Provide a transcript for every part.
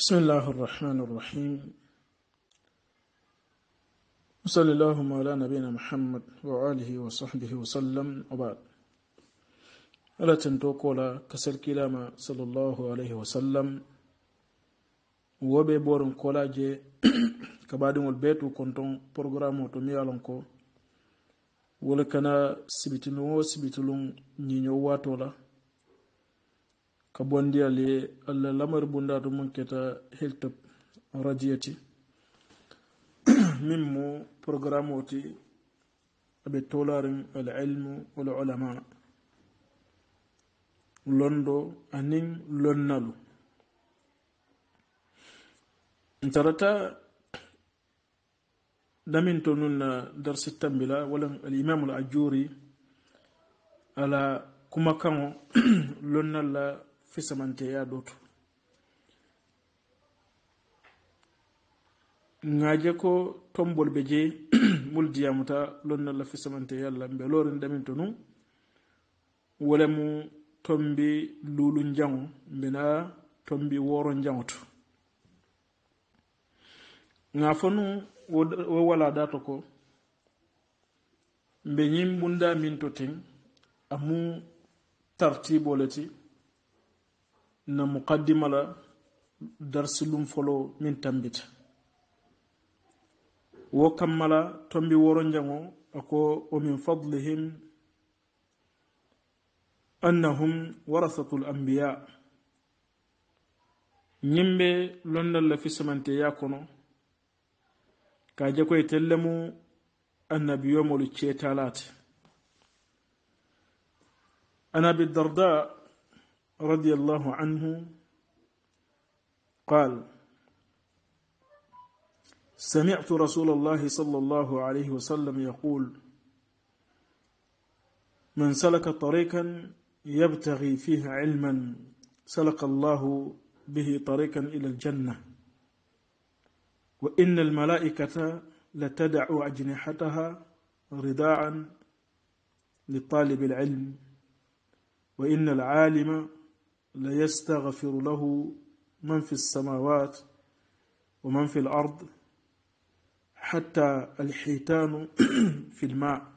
بسم الله الرحمن الرحيم وصلى الله على نبينا محمد وآله وصحبه وسلم وبعد ألا تنتوكو لا كسر كلاما صلى الله عليه وسلم وبي بورن كولا جي كبادم البيت وكنتون برغرام وطمي ألنكو ولكنا سبتنو سبتلون نينيو واتو ka bondiyal ye allah lamar bundato mun keta helta radio ti min mo programme o ti aɓe tolarin alilmu wal ulama londo anin lonnalu tarata damin to nun na darsi tambila walan alimamul ajuri ala kuma kano lonnalla fisamanteya ɗoto gaje ko tombol ɓe jeeyi muldiyamu ta lonni allah fisamanteya allah mbe lorin ɗamin to nun wolemu tombi lulu jango mbina tombi woro jango to ga fonu wo wala dato ko mbe yimbunda min to ten amu tartibole ti na muqaddima la darsi lum folo min tambita wo kammala tombi woro jango ako o min fadlihim annahum warasatu lambiya ñiŋ be londal la fisamanteya kono ka je koye annabiyomolu ceetalaate an darda رضي الله عنه قال سمعت رسول الله صلى الله عليه وسلم يقول من سلك طريقا يبتغي فيه علما سلك الله به طريقا إلى الجنة وإن الملائكة لتدع أجنحتها رداعا لطالب العلم وإن العالم ليستغفر له من في السماوات ومن في الأرض حتى الحيتان في الماء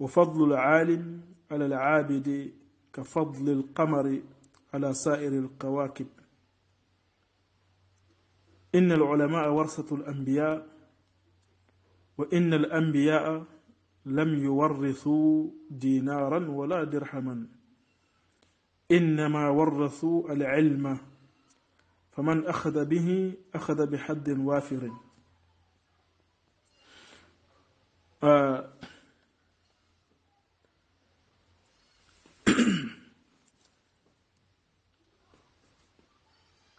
وفضل العالم على العابد كفضل القمر على سائر الكواكب إن العلماء ورثة الأنبياء وإن الأنبياء لم يورثوا دينارا ولا درهما إنما ورثوا العلم فمن أخذ به أخذ بحد وافر آه،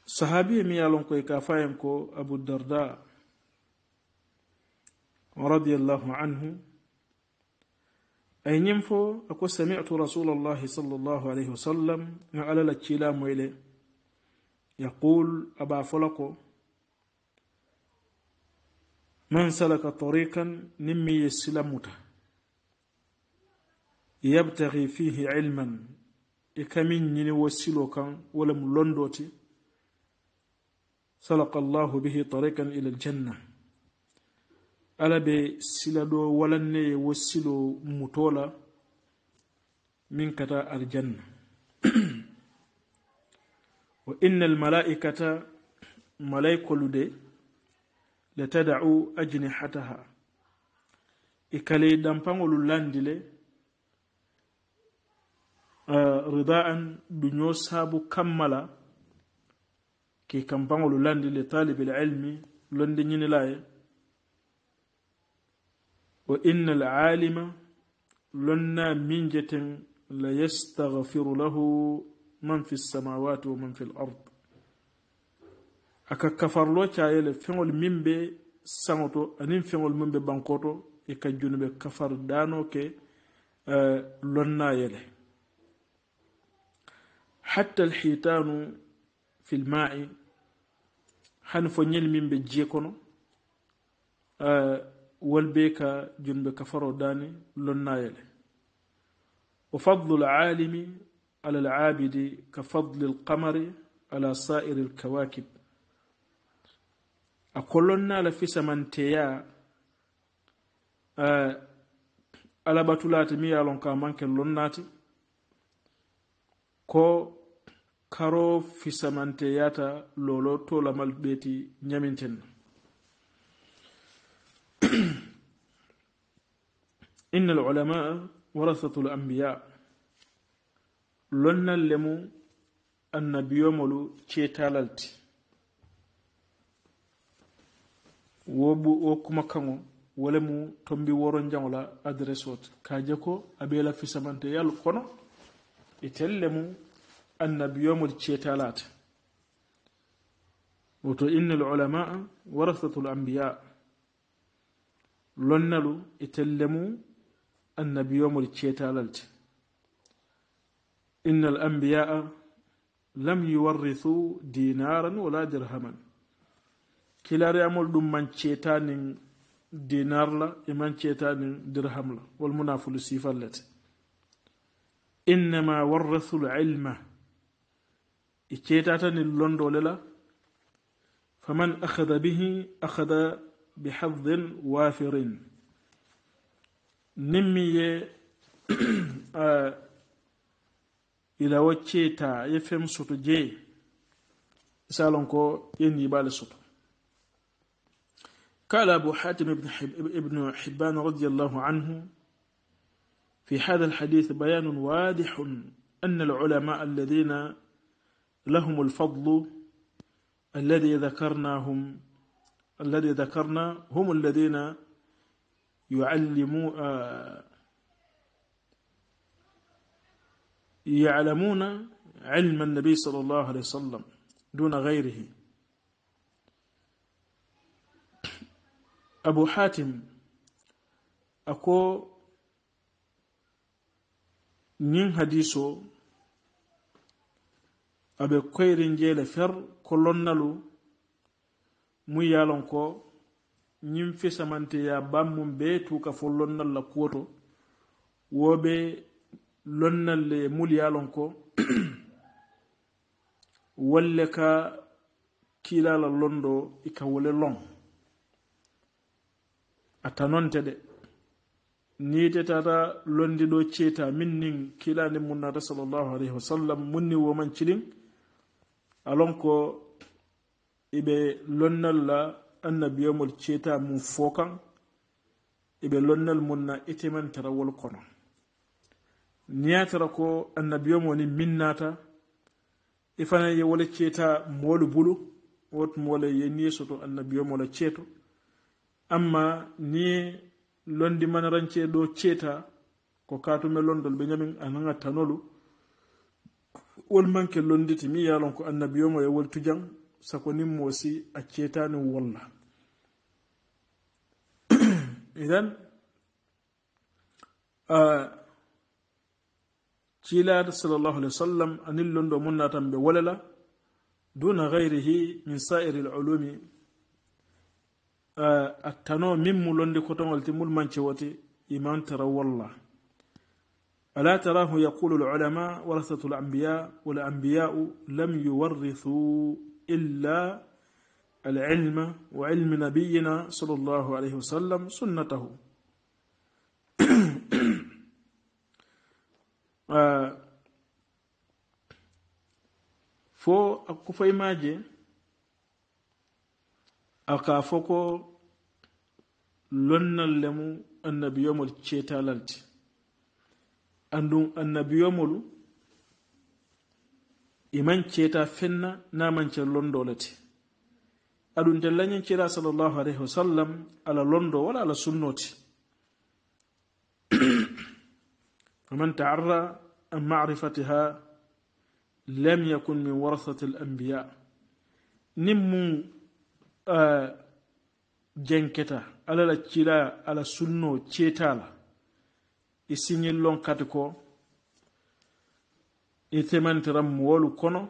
صحابي ميالون كوي كافاينكو أبو الدرداء رضي الله عنه ay ñim fo ako samitu rasulallahi sallllahu alayhi wa sallam ga ala la cilamoyle yaqul aba fola ko man salaka tariqan nimmiye silamuta yabtagi fihi ilman e kamin ñini wo silo kan wala mu londoti salaka allahu bihi tariqan ila aljanna ala ɓe sila ɗo walanne e wossilo mutola min kata aljanna wa inna almalaikata malaykolude le tadau ajnihataha e kale dampagolu landile ridaan duño saabu kammala ke kampagolu landile talibel ilmi londe ñinelaye وإن العالم لنا من جت لا يستغفر له من في السماوات ومن في الأرض أككفر لو تايل فيول ميمب سانتو أنين فيول ميمب بانكوتو إكا جنب كفر دانو كي آه، لنا يلي حتى الحيتان في الماء حنفنيل ميمب جيكونو آه، walbe ka junbe kafaro dani lonnayele wa fadlu lalimi ala alabidi ka fadli alqamari ala sairi alkawakib a kollonnala fisamanteya uh, eh, alabatulati mi yalon ka manke lonnati ko karo fisamanteyata lolo to lamal ɓeeti inna alulamaa warasatu lambiya lonnalle mu annabiyomolu cetalalti wo wo kumakango wole mu tombi woronjangola adressot kaje ko abela fisamante yal kono e telle mu annabiyomol cetalata woto inna alulamaa warasatu lambiya lonnalu e telle mu النبي يوم التشيتالت إن الأنبياء لم يورثوا دينارا ولا درهما كلا يعمل من تشيتان دينار لا من تشيتان درهم لا والمنافل سيفلت إنما ورثوا العلم إتشيتاتن اللوندو للا فمن أخذ به أخذ بحظ وافر nin min ye ilawo keta ye fɛn je misalon ko قال أبو حاتم بن, حب ابن حبان رضي الله عنه في هذا الحديث بيان واضح أن العلماء الذين لهم الفضل الذي ذكرناهم الذي ذكرنا هم الذين يعلمون آه، يعلمون علم النبي صلى الله عليه وسلم دون غيره أبو حاتم أكو نين حديثو أبي كويرين جيل فر كلون نلو مو يالون كو ñin fesamanteya bammum be tuka follonnal la kuwoto woɓe lonnal le mulyalon ko walle ka kilala londo ika e wole lon a tanonte de niite tata londiɗo ceeta min nin kilani munnata sallllahu alayhi wa sallam munni woman cilin alon ko iɓe lonnal la annabi yomol ceeta mum fo kan eɓe lonnal mum na itimen tarawol kono niyatara ko annabi yomo ni minnata ifana e yewole ceeta moolu bulu wot moole yeniyeso to annabi yomola ceeto amma ni londi manarance ɗo ceeta ko katume londol ɓe ñamin ananga tanolu wol manke londiti mi yalon ko annabi yomo yewol tujan sakoni moosi acheetaani walla idan ciilaata sallallahu alaihi wasallam anin londo munnatan ɓe wolela duna gayrihi min sa'iri lulumi attano min mu londi kotogol ti mul mancewoti imantara walla ألا تراه يقول العلماء ورثة الأنبياء والأنبياء لم يورثوا إلا العلم وعلم نبينا صلى الله عليه وسلم سنته fo a kufaymaje aka fo ko lonnal lemu annabiyomol ceetalalti andum annabiyomolu iman e ceeta fenna namancer londolete aɗum tellañen cera salllahu aleyhi wa sallam ala londo wala ala sunnote faman taarra an marifatiha lam yakun min warasati l ambiya nin mu uh, jenketa alala cira ala sunno ceetala i e siñillon kati ko itemantiran muwolu kono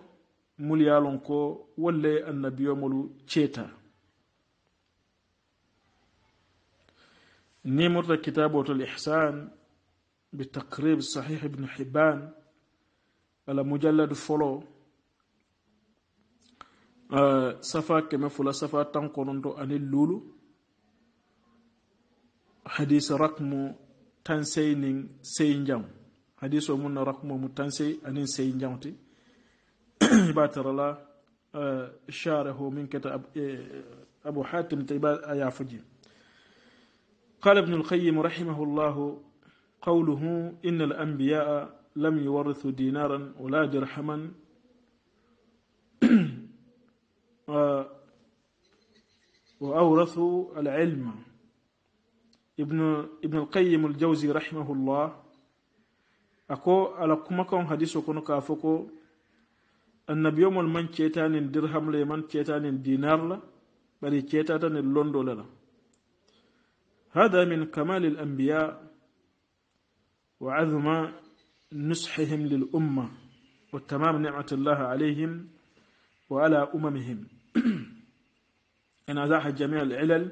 mulu ye a lon ko wolle annabiyomolu ceeta ni murta kitaboto lihsan bitakrib sahih ibnu hibban ala mujalladu folo safa keme fula safa tan kononto anin luulu hadise rakmu tan seynin sey jam hadiso mun na rakumo mu tanse anin sey njawti ba tarala eh, sharahu min kitab eh, abu hatim tayba aya fuji قال ابن القيم رحمه الله قوله إن الأنبياء لم يورثوا دينارا ولا درهما وأورثوا العلم ابن ابن القيم الجوزي رحمه الله ako ala kuma kan hadiso kono ka foko annabiyo mol man ceetanin dirham le man ceetanin dinar la bari cetata ceetatanin londo le la hada min kamal al anbiya wa azma nushihim lil umma wa tamam nimat allah alayhim wa ala umamihim ana zaha jami' al ilal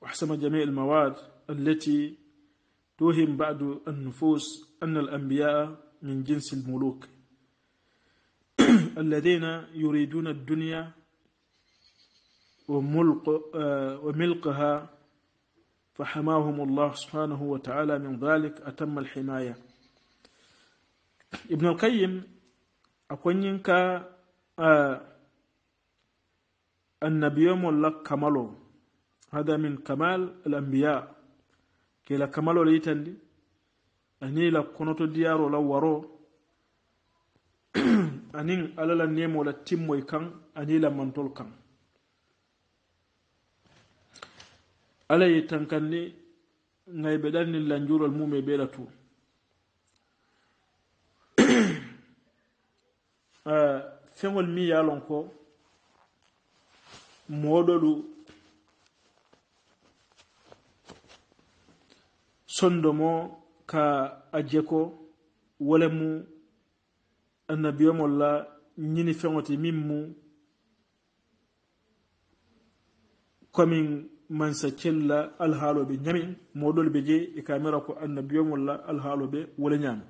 wa hasama jami' al mawad التي توهم بعض النفوس أن الأنبياء من جنس الملوك الذين يريدون الدنيا وملق آه، وملقها فحماهم الله سبحانه وتعالى من ذلك أتم الحماية ابن القيم أكونينك آه، النبي ملك كماله هذا من كمال الأنبياء kela kamalol yitandi anila konoto diyaro la waro anin alala nemola timmoy kan anila mantol kan ala ye tankandi ngay be ɗanni lanjurol mume ɓela to fegol mi yalon ko moɗoɗu sondo mo ka a jeko wolemu annabiyomolla ñini feŋoti min mu komin mansa kella alhaaloɓe ñamin moɗol be je e kamira ko annabiyomolla alhaaloɓe wole ñaami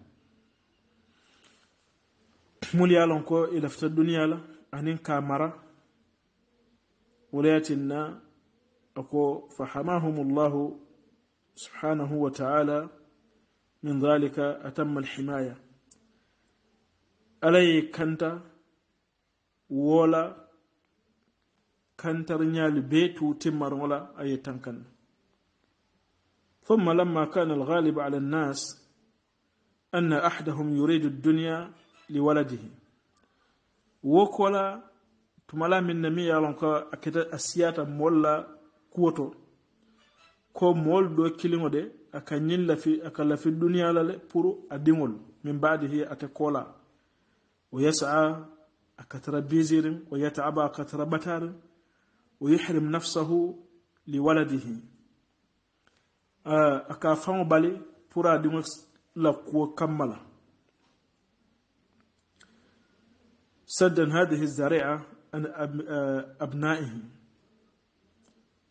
mul ya lon ko e lafta duniya la anin ka mara woleyatinna ako fahamahumullahu سبحانه وتعالى من ذلك أتم الحماية ألي كنت ولا كنت رنيا بيت تمر ولا أي تنكن ثم لما كان الغالب على الناس أن أحدهم يريد الدنيا لولده وكولا تملا من نمي يالونك أكيد أسياتا مولا كوتو ko mol do kiliŋo de aka nyilla fi aka fi dunya la le pour adimol min min hi ate kola wo yasa aka tara biisiriŋ yataaba aka tara bataariŋ yihrim nafsahu li waladihi aka famo bali pour adimol la ko kamala سدا هذه الزريعة أن أبنائه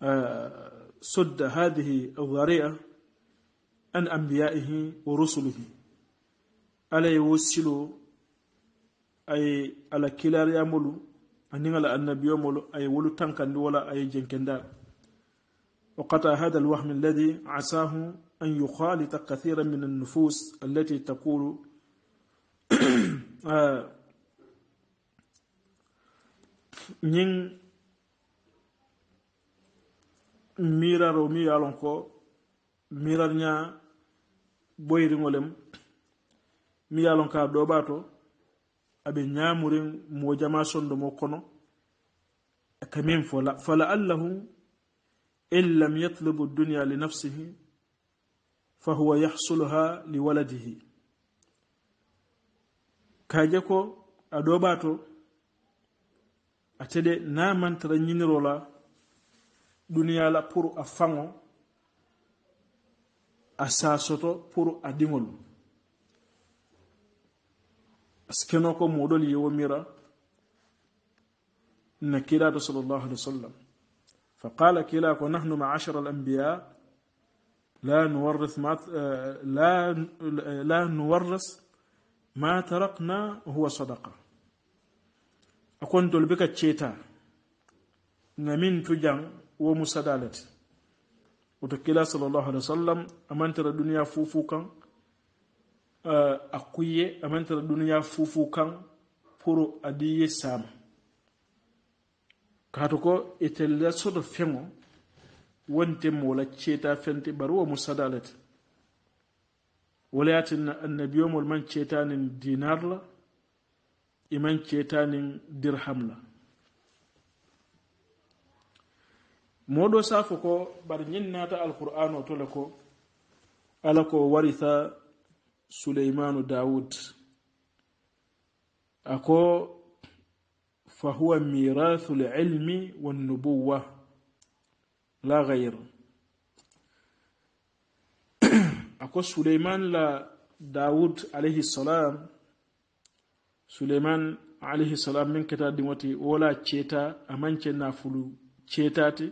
آه سد هذه الضريعة عن أنبيائه ورسله ألا يوصلوا أي على كلا يعمل أن على النبي يعمل أي ولو تنكن ولا أي جنكن وقطع هذا الوهم الذي عساه أن يخالط كثيرا من النفوس التي تقول آه، نين miraro mi yalon ko mirarña ɓoyringolem mi yalon ka ɗoɓa to aɓe ñamurin mo jama sondo mo kono kamin falaallahum in lam yatlubu dunia li nafsihi fa huwa yahsuluha li waladihi kaje ko a ɗoɓa to a teɗe namantara ñinirola duniya la pour a faŋo a saasoto pour a diŋolu askeno ko moodolu ye wo mira na kiraato sal allahu alih wa sallam fa qala kila ko nahnu maashara alambiya لا نورث ما لا لا نورث ما تركنا هو صدقه اكون دول بك تشيتا نمين تجان wo mu sadalete woto kila sallllahu alih wa sallam a mantira duniya fufu kan eh, a kuye a mantira duniya fufu kan pour adiye sama kaato ko itella e soto feŋo wonte mo wola ceta fente bari wo mu sadalete walayatinna annabiyomol man cetanin dinar la iman e cetanin dirham la moɗo safo ko bar ñinnata alqur'an o tole ko ala ko waritha suleymanu daoud ako fa huwa mirathu lilmi wannubowa la gayre ako suleyman la daoud alayhi salam suleyman alayhi salam min keta dimoti wola ceta amancenafulu cetate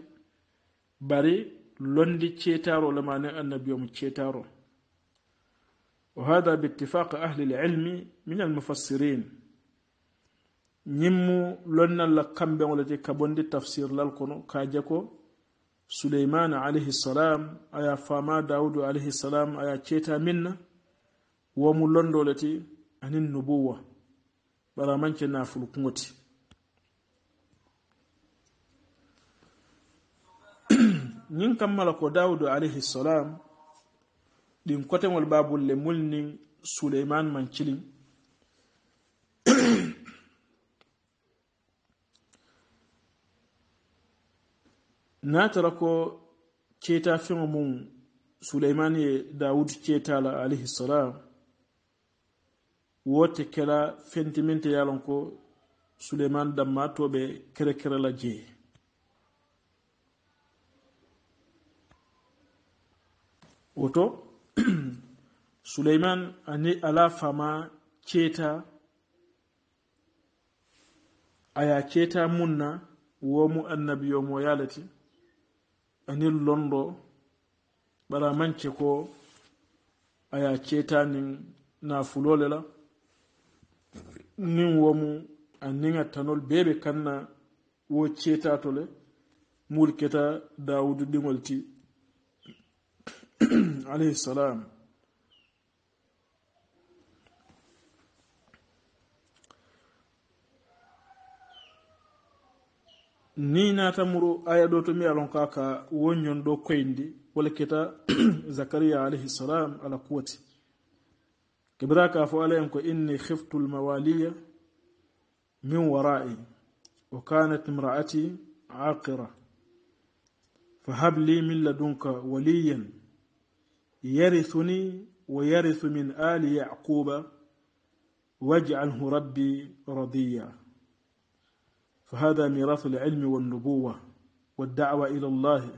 bari londi cetaro lamani annabi omo cetaro o hada beittifaqe ahli lilmi min almufassirin ñimmu lonnalla kamɓe ngolete kabonde tafsir lal kono kaje ko souleymana alayhi ssalam aya fama daoudo alayhi ssalam aya ceta minna womu londolete anin nubowa ɓaramanceenafulu kugoti ñin kam mala ko dawudu alayhi ssalam ɗin kotegol babulle mulnin suleiman man cilin natara ko ceta feŋo mum suleiman ye dawudu cetala alayhi ssalam wote kela fentiminte yalon ko suleiman damma toɓe kerekerela jeeye woto suleiman ala fama ceta aya ceta munna womu annabiyomo yalati ani londo bara mance ko aya ceta nin na fulole la nin womu aniŋa tanol bee be kanna wo ceta tole mulketa dawudu diŋol ti alayhi salam ni na muro aya ɗo to mi alon kaka ka do koyndi wala kita zakariya alayhi salam ala kuwati ka fo ala ko inni khiftu lmawaliya min wara'i wa kanat imra'ati aqira fahab li min ladunka waliyan يرثني ويرث من آل يعقوب واجعله ربي رضيا فهذا ميراث العلم والنبوة والدعوة إلى الله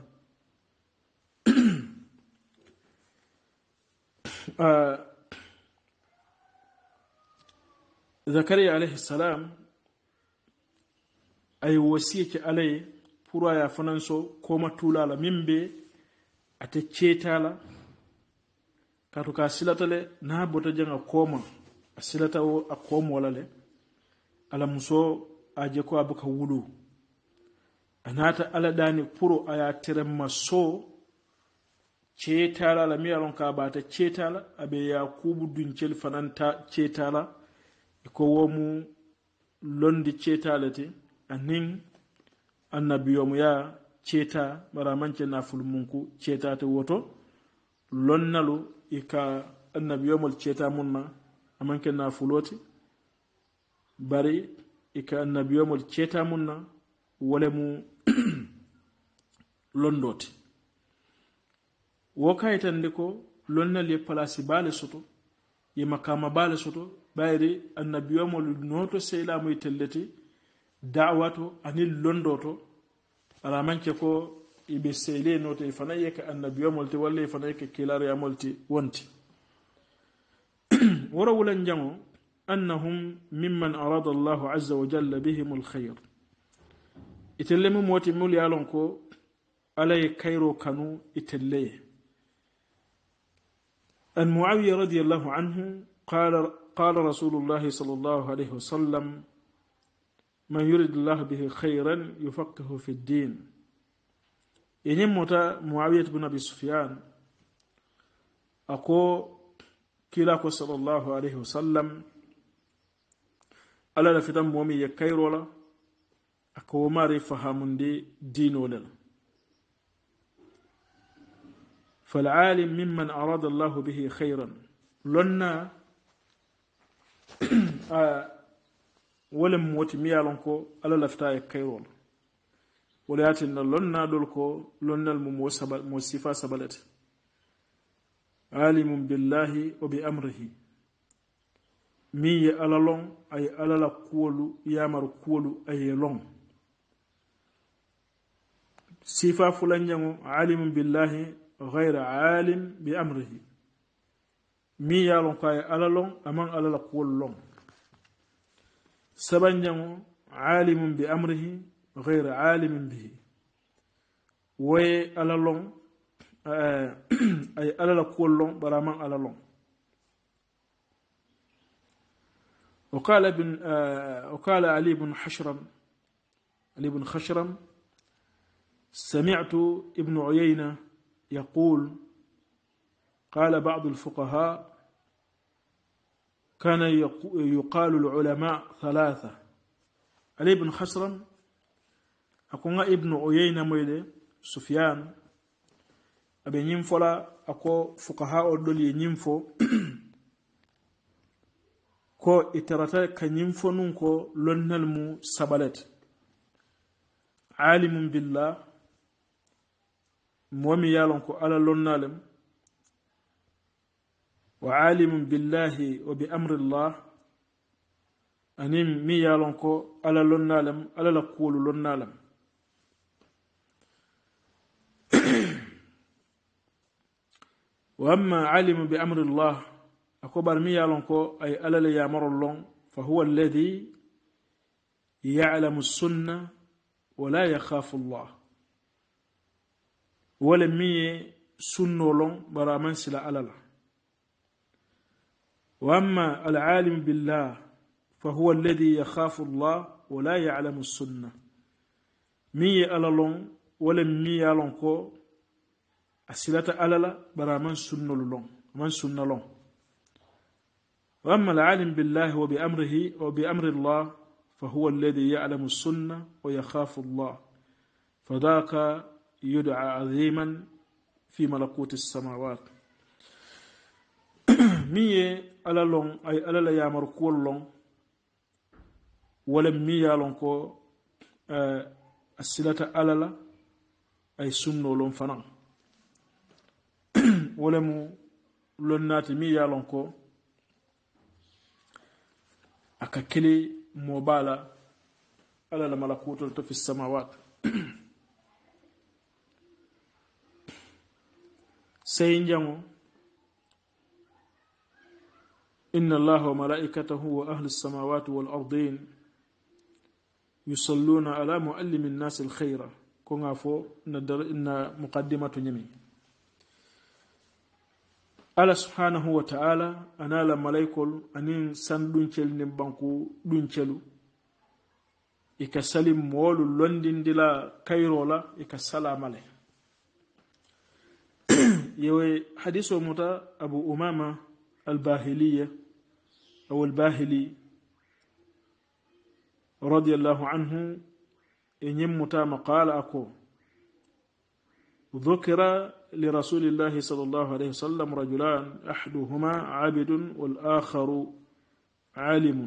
آه، زكريا عليه السلام أي وسيك عليه فرايا ya fananso koma tulala min kato ka silata le naa bota jang a kooma a silata wo a koomowola le alamuso a je ko a baka wulu a naata ala daani puro a ye terenma soo ceetaala ala mi ye lon ka baata ceetaala abe ye kuubu duncel fananta ceetaala e ko womu londi ceetaale te anin annabiyomu ya ceeta mara mancenaa fulu munku ceetaate woto lonnalu i ka annabiyomol ceta mun na aman ke na fuloti bari i ka annabiyomol ceta mun na wole mu londoti wo kayitandi ko lonnel ye palasi baale soto ye makama baale soto bayiri annabiyomol noto seylamuy telleti dawa to ani londo to alamanke ko ibe seyle note fana ka annabiyo molti walla e fanaye ka kilariya molti wonti ورولا جمو أنهم ممن أراد الله عز وجل بهم الخير إتلمي موتي مولي ألونكو ko alay كانوا kanu itelle معاوية muawiya radiyallahu anhu qala قال رسول الله صلى الله عليه وسلم من يرد الله به خيرا يفقه في الدين yenye mota muawiyah ibn abi sufyan ako kila ko sallallahu alayhi wasallam ala la fitam momi ya kayrola ako mari fahamundi dinola فالعالم ممن أراد الله به خيرا لنا ولم موت ميالنكو على لفتاية كيرول wala yatinna lonnaɗol ko lonnal mum mo sifa sabalata alimum billahi o bi amrihi min ye alalon aye alala kuwolu yamar kuwolu aye lon sifa fulanñango alimum billahi gayra alim bi amrihi min yalon ko aye alalon aman alala kuwolu lon sabanñango alimum bi amrihi غير عالم به وي على لون آه، اي على لكول لون برامان على لون وقال ابن آه، وقال علي بن حشرم علي بن خشرم سمعت ابن عيينة يقول قال بعض الفقهاء كان يقال العلماء ثلاثة علي بن خشرم akonga ibnu uyayna moyde sufyan abe ñim fola ako fukaha o ɗoli e ñim fo ko e ka ñim fo nun ko lonnal mu sabalet alimum billah momi yalon ko ala lonnalem wa alimum billahi wa bi amri amrillah anim mi yalon ko ala lonnalem ala la kuwolu lonnalem واما علم بامر الله اكبر مي اي الله يامر الله فهو الذي يعلم السنه ولا يخاف الله ولم مي سنو لون برا من سلا الله واما العالم بالله فهو الذي يخاف الله ولا يعلم السنه مي الله لون ولم مي لون asilata alala bara man bari a maŋ sunnolu loŋ a maŋ sunna loŋ wa amma billahi wa bi amrihi wa bi amri فهو الذي يعلم السنة ويخاف الله فذاك يدعى عظيما في ملكوت السماوات مي على لون أي على لا يامر كل لون ولا مي لون كو آه، السلة على لا أي سنة لون فنان wolemu lonnaati mi ye lon ko a ka kili mooba la malakutol to fi samawat إن الله وملائكته وأهل السماوات والأرضين يصلون على مؤلم الناس الخير كون فو ندر إن مقدمة نمي allah subhanahu wa ta'ala anaala malaykol anin sanɗuncel nin banku ɗum celu ika sali moolu londindila kayrola ika salamale yewe hadis o muta abu umama albahiliya aw albahili radiallahu anhu e ñimmutama qala ako dukira لرسول الله صلى الله عليه وسلم رجلان احدهما عبد والاخر عالم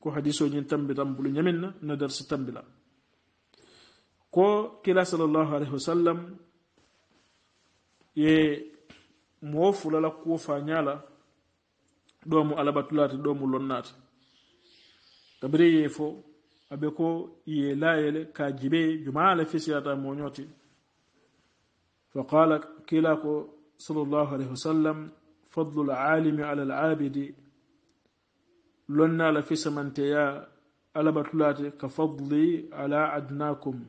كو حديثو ني تامبي تامبو نيمن ندر ستامبي كو كلا صلى الله عليه وسلم ي موفو لا كو فانيالا دومو على باتلات دومو لونات تبري يفو ابيكو يلايل يلا كاجيبي جمال فيسياتا مونيوتي فقال كلاك صلى الله عليه وسلم فضل العالم على العابد لنا لفي سمنتيا على بطلات كفضلي على عدناكم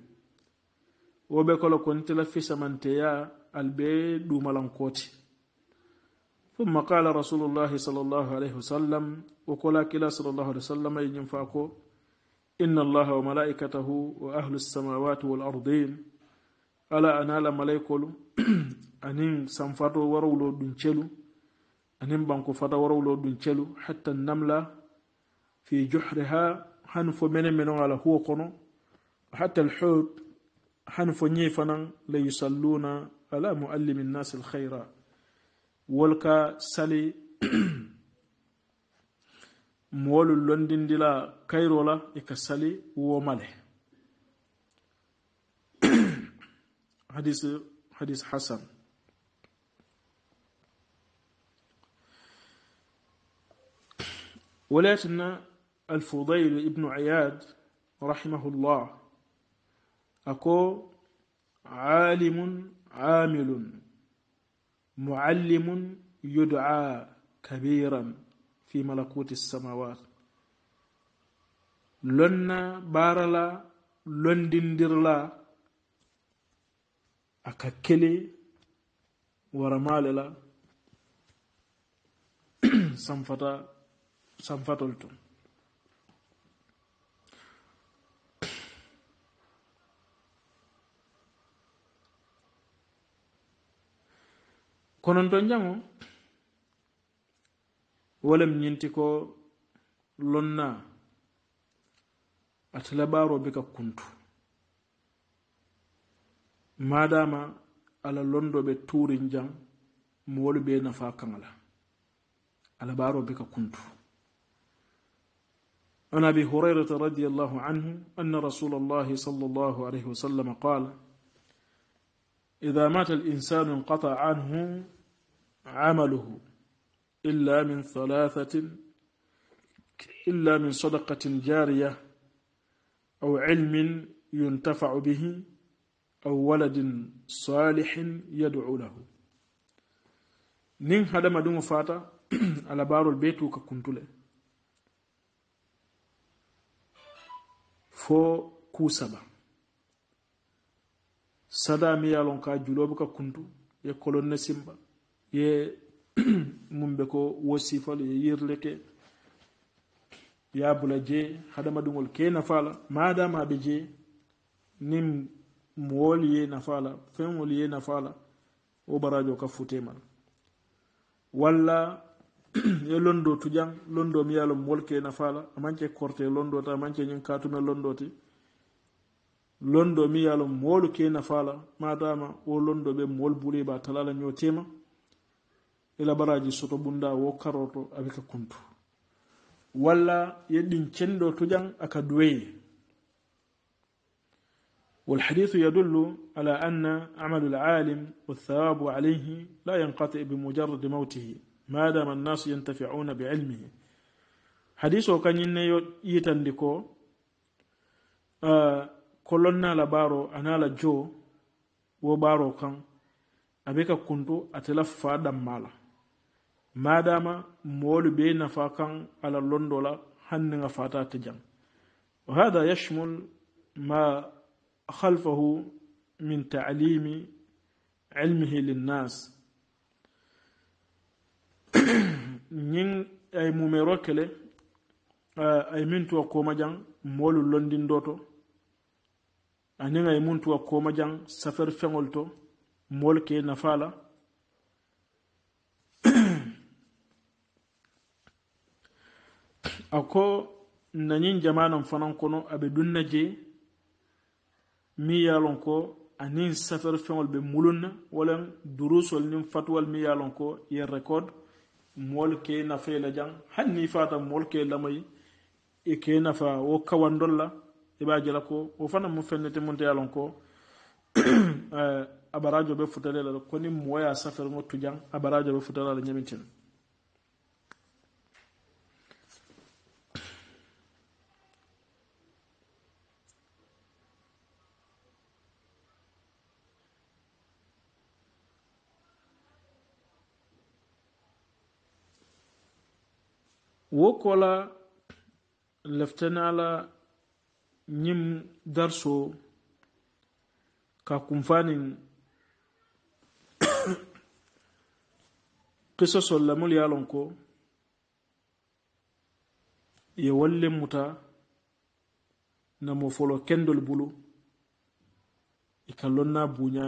وبكل كنت لفي سمنتيا البي دومالانكوتي ثم قال رسول الله صلى الله عليه وسلم وقال كلا صلى الله عليه وسلم ينفعكم إن الله وملائكته وأهل السماوات والأرضين ala anala malaikolu anin sanfato warawlo ɗum celu anin banko fata warawlo ɗum celu hatta namla fi juhriha han fo mene meno ala huwo kono hatta alhut han fo ñi fanan la yusalluna ala muallimi nnasi alkhayra wolka sali moolu londindila kayrola e ka sali womale حديث حديث حسن ولكن الفضيل ابن عياد رحمه الله أكو عالم عامل معلم يدعى كبيرا في ملكوت السماوات لن بارلا لن دندرلا aka kele wara maale la samfata samfatol ton konon ton jamo wolem ñinti ko lonna atalabaaro be ka kuntu madama ala londoɓe turin jam mo wolu ɓe nafa kan ala كنت be ka kuntu عن ابي هريره رضي الله عنه ان رسول الله صلى الله عليه وسلم قال اذا مات الانسان انقطع عنه عمله الا من ثلاثه الا من صدقه جاريه او علم ينتفع به aw waladin salihin yadu lahu nin hadama dumo fata alabarol be tuka kuntule fo kusaba sadami yalon ka julobe ka kuntu ye kolonne simba ye mumbe ko wosifal ye yirleke yabula je hadama dumol ke nafala madama be je nin mo wooli yey nafaala fewol yey nafaala wo barajo ka futemal walla e londo tuƴan londo mi yaalo mo wolke nafaala amañce korte londote amañce ñin katumen londote londo mi yaalo mo wolu ke nafaala madama wo londo ɓe mo wol buleba talala ñootema ela baraji soto ɓunda wo karoto aɓe ka kuntu walla yeɗɗin cenɗo tuƴan aka duweye والحديث يدل على أن عمل العالم والثواب عليه لا ينقطع بمجرد موته ما دام الناس ينتفعون بعلمه حديث كان يتندكو آه كلنا لبارو أنا لجو وبارو كان أبيك كنت أتلفى دمالا ما دام مول بين فاكان على لندولا هن فاتات جن وهذا يشمل ما خلفه من تعليم علمه للناس ñing ay mumero kele ay mintuwa koma jang moolu londindoo to aniŋ ay muntuwa koma jaŋ safari feŋol to moolu ke nafaa la kono abe be mi yalon ko anin safer feŋol ɓe mulunna walan durusol nin fatuwal mi yalon ko ye record mool ke nafa ila jang han ni fata mool ke lamay e ke nafa wo kawandol la e ɓa jala ko wo fana mu fennete munta yalon ko abaradio eh, ɓe futalela ko ni moya safer ŋo tujang abaradio ɓe futalala ñamintin wo kola la ñim darso ka kumfanin kisasol lamul yalon ko ye wallen muta namo folo kendol bulu i e ka lonna buɲa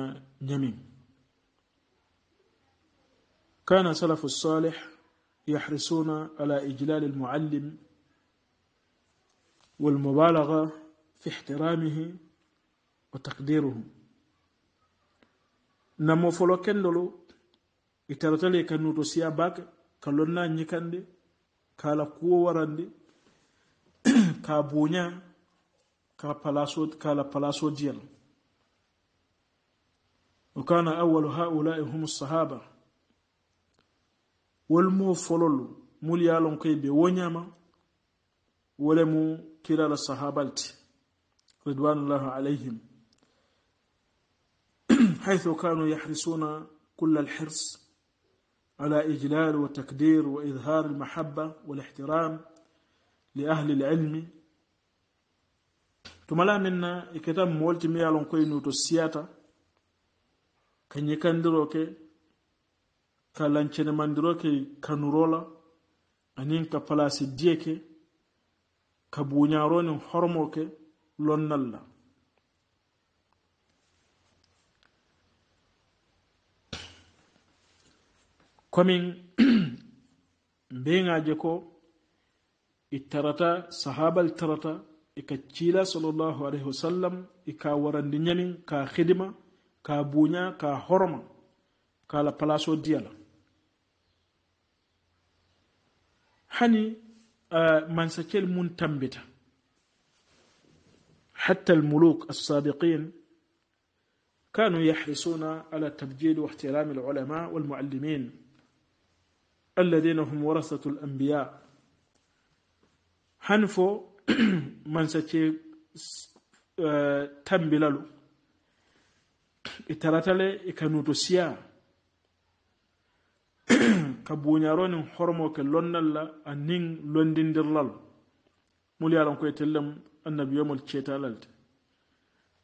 ñamin kana salafu salih يحرصون على إجلال المعلم والمبالغة في احترامه وتقديره namo folo kendolo itaratale kannuto siya baka kalonna ñikande kala kuwo warande ka buña ka palaso kala palaso diyal وكان أول هؤلاء هم الصحابة wolmo fololu mul ye lon koye be wo ñama wole mu kirala sahabalti ridwanullahu alayhim haythu kanu yahrisuna kulla alhirs على إجلال وتقدير وإظهار المحبة والاحترام لأهل العلم tumala minna ikata molti miyalon koye nuto siyata kan yikandiro ke ka lancenemandiro ke kanuro la ka palasi diye ke ka buuñaaro niŋ ke lonnal komin mbeŋa ko i tarata sahabal tarata i ka ciila sallallahu alaihi wasallam i ka warandi ñamin ka hidima ka buuña ka horoma ka palaso diya hani uh, mansakel mun tambita حتى الملوك السابقين كانوا يحرصون على تبجيل واحترام العلماء والمعلمين الذين هم ورثة الأنبياء هنفو من سكي تنبلالو itaratale ikanutusia ka buñaro hormo ke lonnal la anin londindirlal mul yalan koye tellam annabiyomol ceetalalte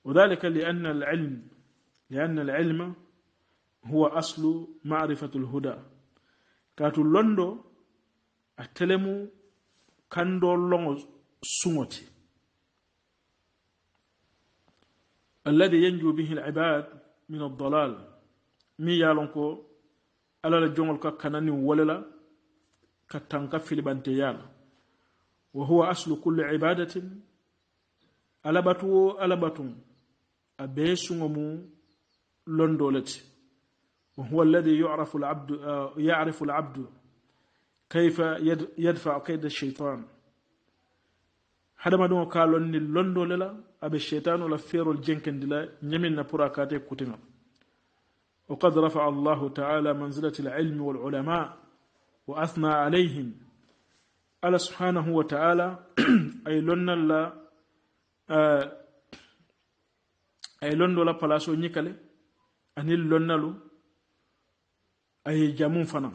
وذلك لأن العلم لأن العلم هو أصل معرفة الهدى كاتو لندو أتلمو كندو لونغ سموتي الذي ينجو به العباد من الضلال مي يالونكو ala la joŋol ka kananin wole la ka tanka filibanteya la wa huwa aslu kulli ibadatin alabatu wo alabatun a bee suŋo mu londo le ti wa huwa alladi yurafu labdu yarifu labdu kayfa yadfau kayda sheitan hadamadiŋo ka lonni londo le la a be sheitanola feerol jenkendi la ñamin na pour a kate kutiŋa وقد رفع الله تعالى منزلة العلم والعلماء وأثنى عليهم ألا سبحانه وتعالى أي لن لا آه، أي لن لا بلاسو نيكالي أني لن لو أي جامون فنا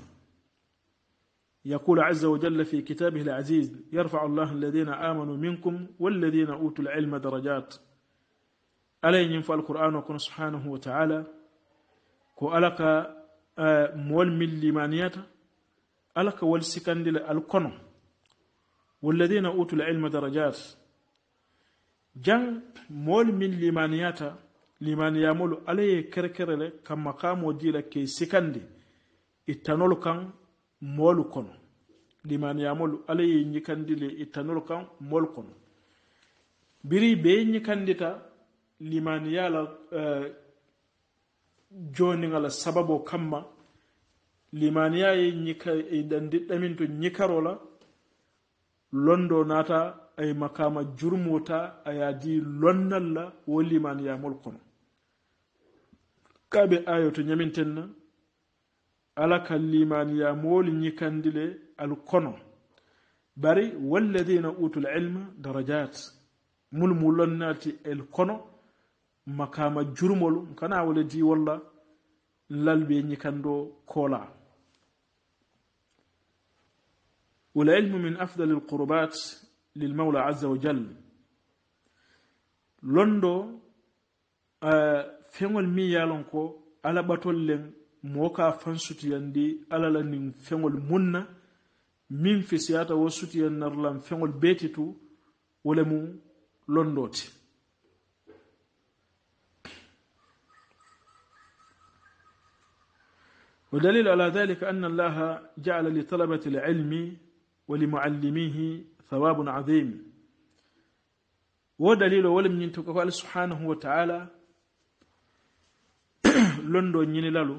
يقول عز وجل في كتابه العزيز يرفع الله الذين آمنوا منكم والذين أوتوا العلم درجات ألا ينفع القرآن وكن سبحانه وتعالى ko alaka mol mool min limaniyata wal sikandila al kono walladina utul ilma darajat jan mol min limaniyata limaniyamolu ala ye kerekere le ka ke sikandi itanol kan mol kono liman yamulu ye nyikandile itanol kan mol kono biri be ñikandita liman yala uh, joningala sababo kamma limaniya e ñika edandi ɗamin to ñikarola londo nata ay makama jurmota aya di lonnalla wo limaniya mol kono kaɓe ayo to ñamintenna ala ka limaniya mooli ñikandi le al kono bari walladina utul ilma darajat mulmu lonnati el kono makama jurmolu kana wole di walla lalɓe ñikanɗo koola walilmu min afdali lqurbat lilmawla aza wa jal londo uh, feŋol mi yalon ko ala ɓatol len mooka fan sutiyandi alalanin feŋol munna min fisiyata wo sutiyannarlan feŋol beeti tu wole mu londote ودليل على ذلك أن الله جعل لطلبة العلم ولمعلميه ثواب عظيم ودليل ولم ينتقى قال سبحانه وتعالى لندو نيني لالو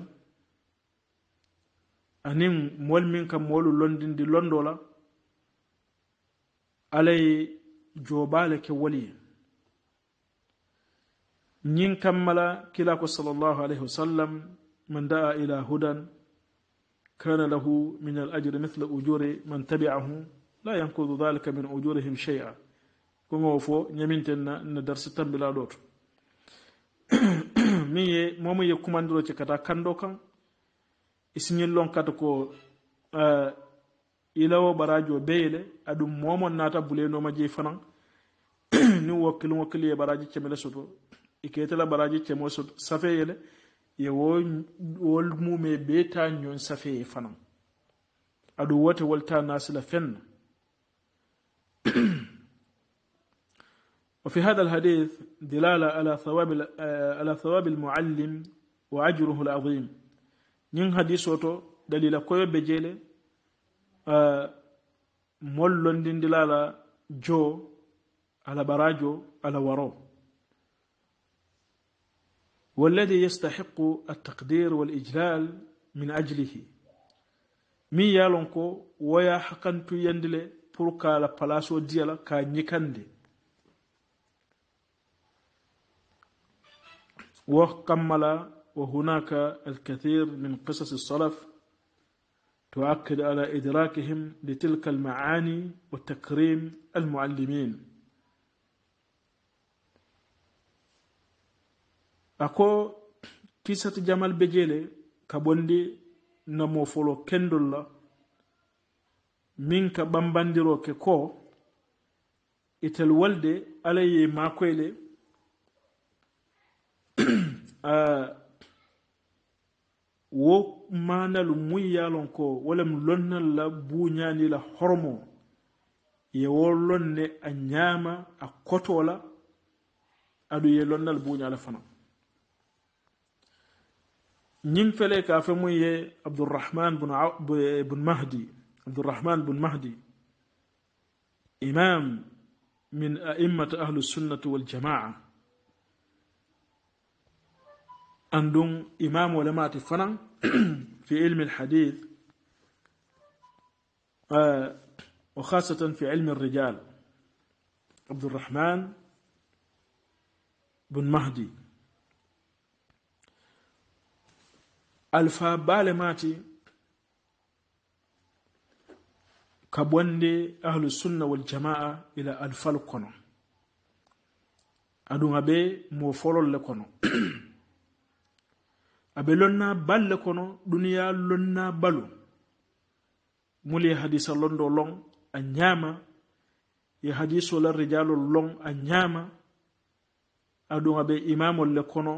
أنين مول منك مول لندن دي لندو لا علي جوبالك ولي نين كملا كلاكو صلى الله عليه وسلم man da'a ila hudan kana lahu min al ajri mithla ujuri man tabi'ahu la yankudu dhalika min ujurihim shey a kogoo fo ñaminten na na darse tambila ɗo to min ye momo ye kumandiro cekkata kanndo kan isiñin lon kata ko ilawo baradio beyle aɗum momon naata bulenoma jeyi fanan ni wokkil wokkil ye baraji cemele soto iketela baraji cemo soto safeyele e wol mume be ta nyon safe fanan aɗum wota wolta nasila fenna وفي هذا الحديث دلالة على ثواب على ثواب المعلم وأجره العظيم نين حديث وتو دليل كوي بجيل مولون دلالة جو على براجو على ورو والذي يستحق التقدير والإجلال من أجله مي يالونكو ويا حقن تو يندلي yandi le pour ديالا كا نيكاندي وكمل وهناك الكثير من قصص السلف تؤكد على إدراكهم لتلك المعاني وتكريم المعلمين ako kisata jamal be jeele ka bondi namo folo kendolla min ka ɓambandiroke ko itel walde alaye makoyle wo manal muyyalon ko walam lonnalla buñanila hormo ye wo lonne a ñama a kotola aɗu ye lonnal buñala fana ñing fele ka عبد الرحمن بن abdurrahman bun bun mahdi abdurrahman bun mahdi من أئمة أهل السنة والجماعة أندم إمام علماء فنن في علم الحديث آه، وخاصة في علم الرجال عبد الرحمن بن مهدي alfa baale maati ka bonde ahlusunna waljamaa ila alfal kono aɗum aɓe mo fololle kono aɓe lonna balle kono ɗuniya lonna balu muli e hadisa londo lon a ñaama e hadisolarrijalol lon a ñaama aɗum aɓe imamolle kono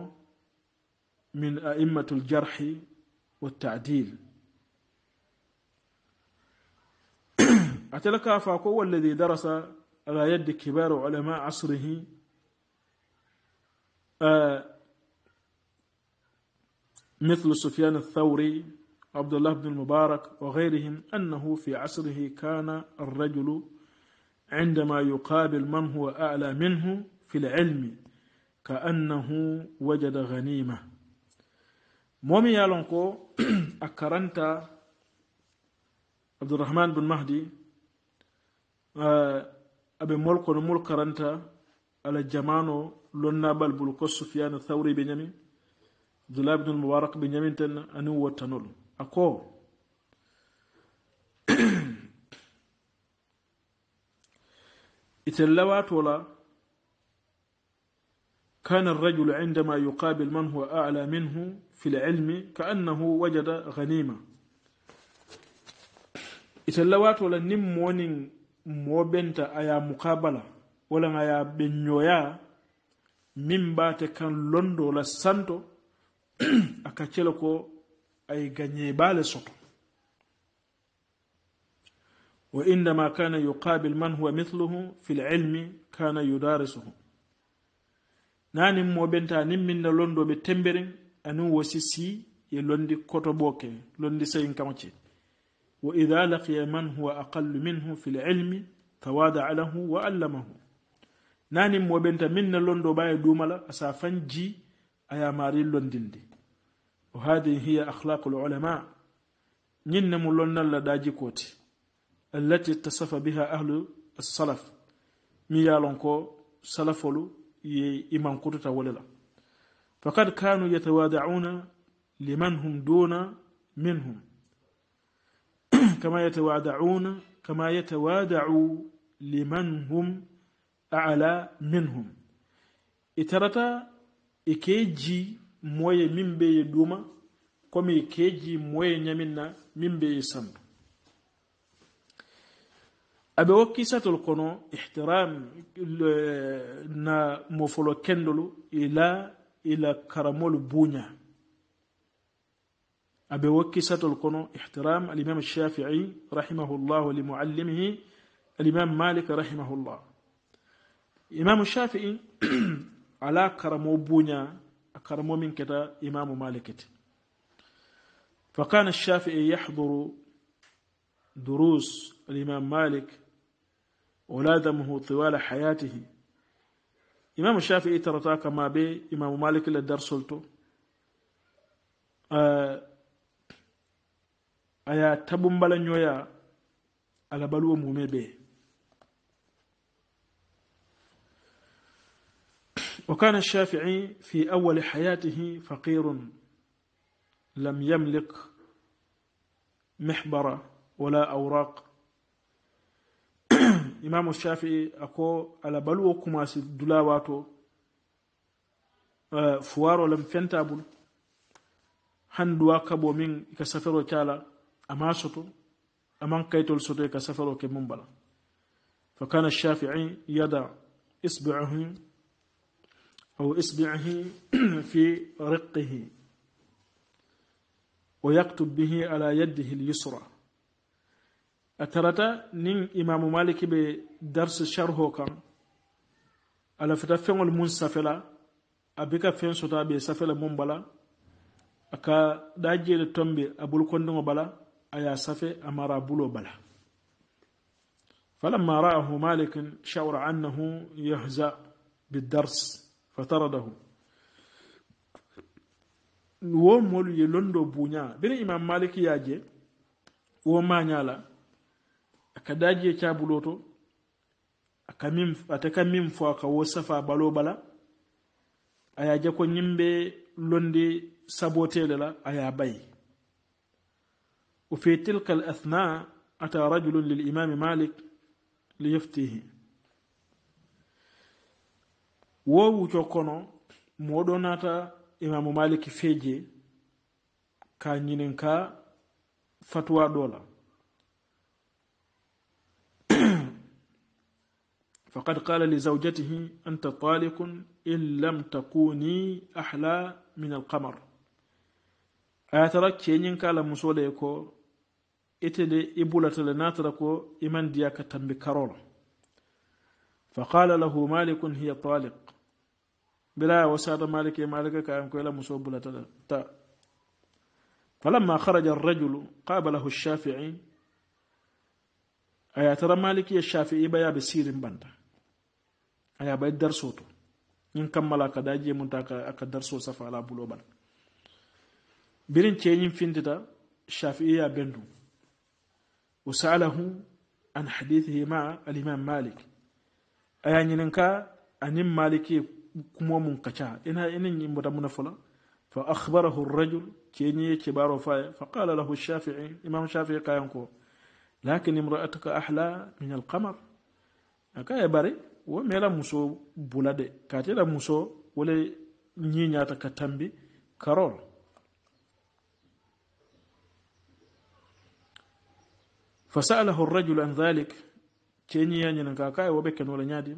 من أئمة الجرح والتعديل أتلك فاقو الذي درس على يد كبار علماء عصره آه، مثل سفيان الثوري عبد الله بن المبارك وغيرهم أنه في عصره كان الرجل عندما يقابل من هو أعلى منه في العلم كأنه وجد غنيمة momi ya lon ko a karanta abdurrahman bin mahdi aɓe molkono mol karanta ala jamano lonnabal bul ko sufiyanu thawri ɓe ñami abdoulah ibnul mubarak ɓe ñaminten ani wottanol ako iten lawatola كان الرجل عندما يقابل من هو أعلى منه في العلم كأنه وجد غنيمة إتلوات ولا نمون موبنت أيا مقابلة ولا أيا بنيويا من بات كان لندو لسانتو أكاتلوكو أي غنيي بالسطو وإنما كان يقابل من هو مثله في العلم كان يدارسه nani nanin moɓenta nin minna be temberen anu wosi si ye londi koto boke londi sayin kamce wa idha laqiya man huwa aqallu minhu fil ilmi tawada alahu wa allamahu nani nanin moɓenta minna londo baye dumala asa fanji aya mari londinde wa hadi hiya ahlaqu lulama ñinne mu lonnalla daji koti allati ittasafa biha ahlu assalaf mi yalon ko salafolu imankututa wolela fakad kanu yatawadauna liman hum duna minhum kama yatawadauna kama yatawadau liman hum ala minhum itarata e keji moye min beye duma komi keji moye ñaminna min beye sandu أبوكيسة القنو احترام نا مفولو كندلو إلى إلى كرمول بونيا أبوكيسة القنو احترام الإمام الشافعي رحمه الله لمعلمه الإمام مالك رحمه الله إمام الشافعي على كرمو بونيا كرمو من كتا إمام مالك فكان الشافعي يحضر دروس الإمام مالك ولاذمه طوال حياته إمام الشافعي ترتا كما بي إمام مالك لدر سلطو آه، أيا تبم بلا نويا على بلو مومي بي وكان الشافعي في أول حياته فقير لم يملك محبرة ولا أوراق imamu shafi ako ala kuma si dula wato uh, fuwaro lam fentabul bulu handuwa kabo min ka safaro kyala amma soto amma kaitol soto ka safaro ke mun bala fa kana shafi'i yada isbi'ahu أو إصبعه في رقه ويكتب به على يده اليسرى a tarata nin imamu maliki be darsi sharho kan ala fita feŋol mun safela a be ka feŋ sota be safela mun bala a ka da jeele tombe a bulukondiŋo bala a ya safe a mara bulo bala falamma ra'ahu malikin shawra annahu yahza bidars fataradahu wo molu ye londo buña bini imam maliki ya je wo maña la aka daji e cabulo to ate kam min fo aka wo safa balo bala aya jako ñimɓe londi sabotele la aya bayi ofi tilka al athna ata rajulun lil imami malik li yeftihi wowu co kono moɗo nata imamu malik feje ka ñinin ka fatuwa ɗola فقد قال لزوجته أنت طالق إن لم تكوني أحلى من القمر أترى كينين كالا مسوليكو إتلي إبولة لناتركو إمن دياك تنبكرور فقال له مالك هي طالق بلا وساد مالك مالك كان كويلا مسوبلة تا فلما خرج الرجل قابله الشافعي اي ترى مالك الشافعي بيا بسير بنده aya bay darso to ñin kammala ka daje munta ka aka darso safa ala bulo bala birin ceñin findita shafi'iya bendu وسأله عن حديثه مع الإمام مالك أيان ينكا أن مالكي كمو منقشا إنها إنني مدمنا فلا فأخبره الرجل كيني كبار فاي فقال له الشافعي إمام الشافعي قاينكو لكن امرأتك أحلى من القمر أكا يا باري wo me la muso bula de kate la muso wole ta ka tambi karol fasalahu rajul an dhalik kenya ñina ka kay wobe ken wala ñadi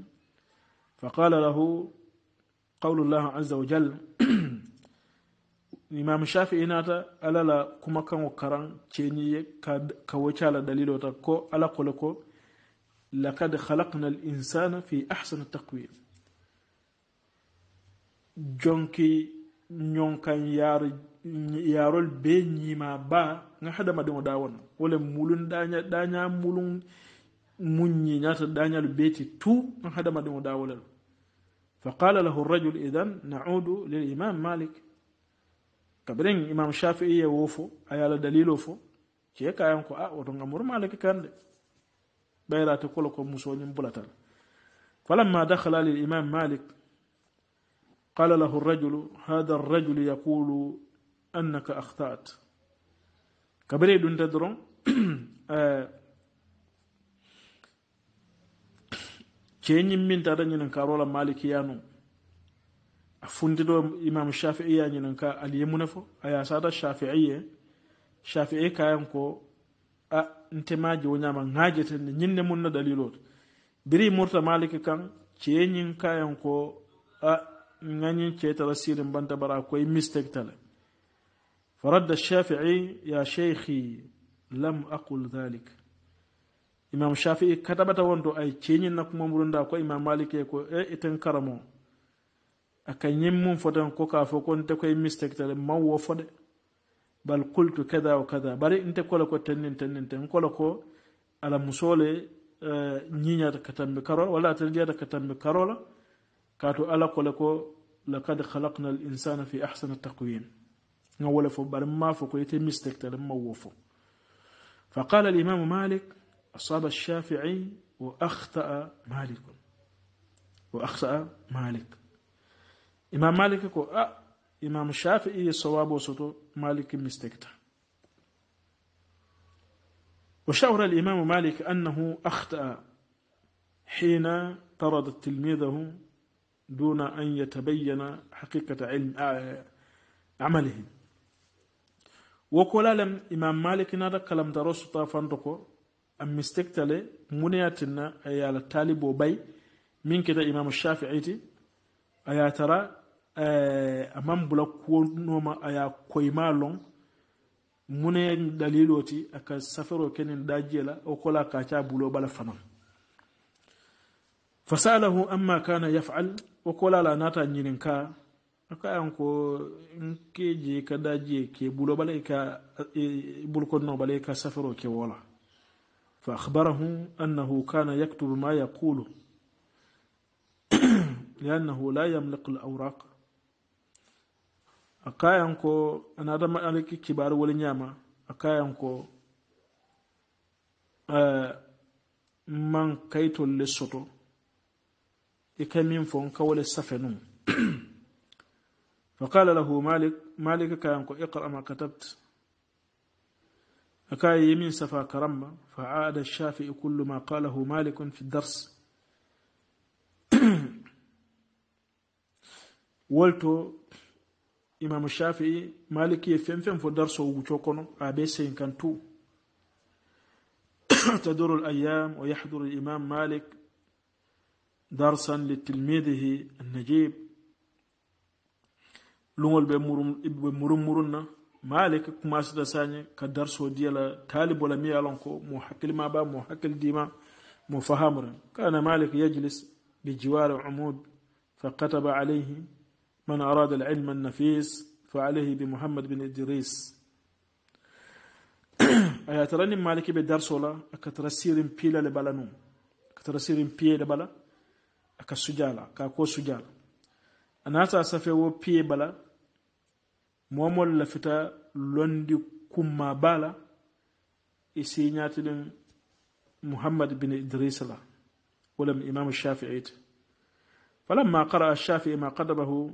fa qala lahu qawlu allah azza wa jalla imam shafi inata alala kuma kan karan kenya ka wacha la dalilota ko ala ko لقد خلقنا الإنسان في أحسن التقويم جونكي ñonkan يار yaarol be ñiima ba nga hadamadiŋo da wona wole mulun daña daña mulun mun ñiñata dañalu beeti tu nga hadamadiŋo فقال له الرجل نعود مالك كبرين شافعي دليل مالك كان ɓayrata kolo ko musoñum bulatal falamma dahala lil imam malik qala lahu rajulu hada rajulu yaqulu annaka ahtat kabare ɗum de doron ceñim eh, min tata ñinan ka rola malikiya nu a fundiɗo imam shafiiya ñinan ka aliyemune fo a yasata shafiiye shafii kayan ko a ah, ntemaji woñama hajeten ñinne mun na dalilot biri murta maliki kan ceeñin kayan ko ah, a ce ceetala sirin banta bara akwai mistake tale فرد shafi'i ya شيخي lam أقل ذلك imam shafi'i katabata wonto ay ceñin na kuma da ko imam malike ko e iten karamo yin mun foten ko ka fo kon te mistake tale mawo wo بل قلت كذا وكذا بل انت كلكو تنين تنين تنين كلكو على مسولي آه، نينيا كتم كارول ولا تنجيا كتم كارولا كاتو على كلكو لقد خلقنا الانسان في احسن التقويم نولا فو بل ما فو كويتي مستك تلم وفو فقال الامام مالك اصاب الشافعي واخطا مالك واخطا مالك امام مالك كو أه إمام الشافعي صواب وسط مالك مستكتا وشعر الإمام مالك أنه أخطأ حين طرد تلميذه دون أن يتبين حقيقة علم عمله وقال لم إمام مالك نرى كلام دروس طافندقو أم مستكتلة منياتنا أي على الطالب وبي من كده إمام الشافعي ايا ترى amambula kuwo noma aya koyma lon mune dalilo ti aka safaro kenin dajela o kola ka ta bulo bala fana fasalahu amma kana yaf'al o kola la nata nyirin ka aka yan ko in ke je ka daje ke bulo bala ka bulko bala ka safaro ke wala fa akhbarahu annahu kana yaktubu ma yaqulu لأنه لا يملك الأوراق a kayanko ana da ma'aliki kibar wani yama a kayanko man kaitun lissoto ika min fon kawale safenun فقال له مالك مالك كان اقرأ ما كتبت أكاي يمين سفا كرمة فعاد الشافعي كل ما قاله مالك في الدرس ولت imamu shafi'i maliki ye fɛn fɛn fɔ darso wuco kɔnɔ a bɛ sen kan tu تدور الأيام ويحضر الإمام مالك درسا لتلميذه النجيب لون بمرمرنا مالك كما سدساني كدرس ديال طالب ولا ميالونكو محكل ما با محكل ديما مفهمر كان مالك يجلس بجوار عمود فكتب عليه من أراد العلم النفيس فعليه بمحمد بن إدريس أيا تراني مالكي بدرس ولا أكترسير بيلا لبالانو أكترسير بيلا لبالا أكا سجالا كاكو سجالا أناتا أسافيو بيلا بالا مومول لفتا لوندي كما بالا إسيناتلين محمد بن إدريس ولم إمام الشافعي فلما قرأ الشافعي ما قدبه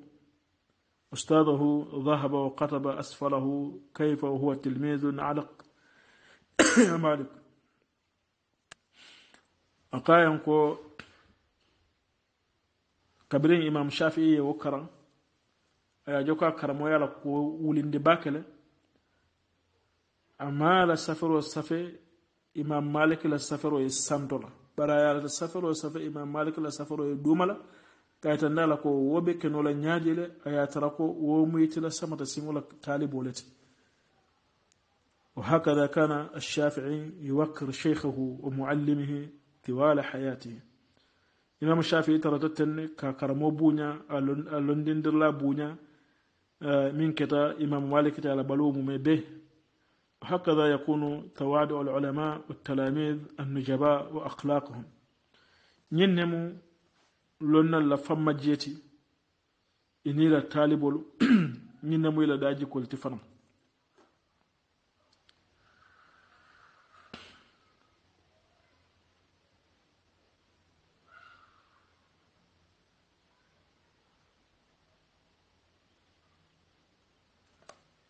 أستاذه ذهب وقطب أسفله كيف وهو تلميذ علق مالك أقاين كو كبرين إمام شافعي وكرا أيا جوكا كرمو يالا وولين ولين دي باكلة أما لا سفر والسفر إمام مالك لا سفر ويسامتولا برا يالا سفر والسفر إمام مالك لا سفر ويدوملا kayta ndala ko woɓe kenola ñaaje le a yatara ko womoyitila samata siŋola taalibo le ti وهكذا كان الشافعي يوقر شيخه ومعلمه طوال حياته إمام الشافعي تردتن ككرمو بونيا اللندن درلا بونيا من كتا إمام مالك على بلوم به وهكذا يكون توادع العلماء والتلاميذ النجباء وأخلاقهم ينمو lonnalla famma jeeti inila e taalibol ñinne mo ila ɗaji kolti fanam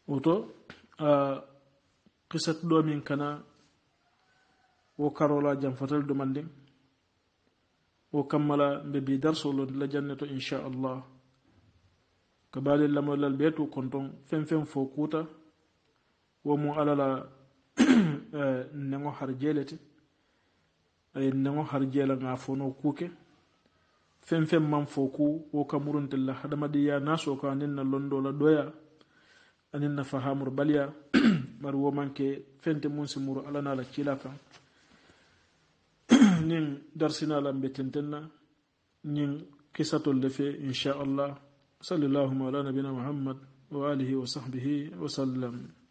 woto a qisat ɗo min kana wo karola jam fatal domanden o kammala mbe mbi darsolo la janneto inchallah ko baalel lamolal ɓe to kontoon fen fen fo kuuta womo alala eh, nego har jeelete ay nego har jeela ga fono kuuke fen fen man fo ku wo kamuruntella haɗamaɗi ya naso ko anin na londola ɗoya aninna fahamur baliya mar womanke fente mun simuru alanala cila kan نين درسنا لم بتنتنا نين قصة اللفي إن شاء الله صلى الله على نبينا محمد وآله وصحبه وسلم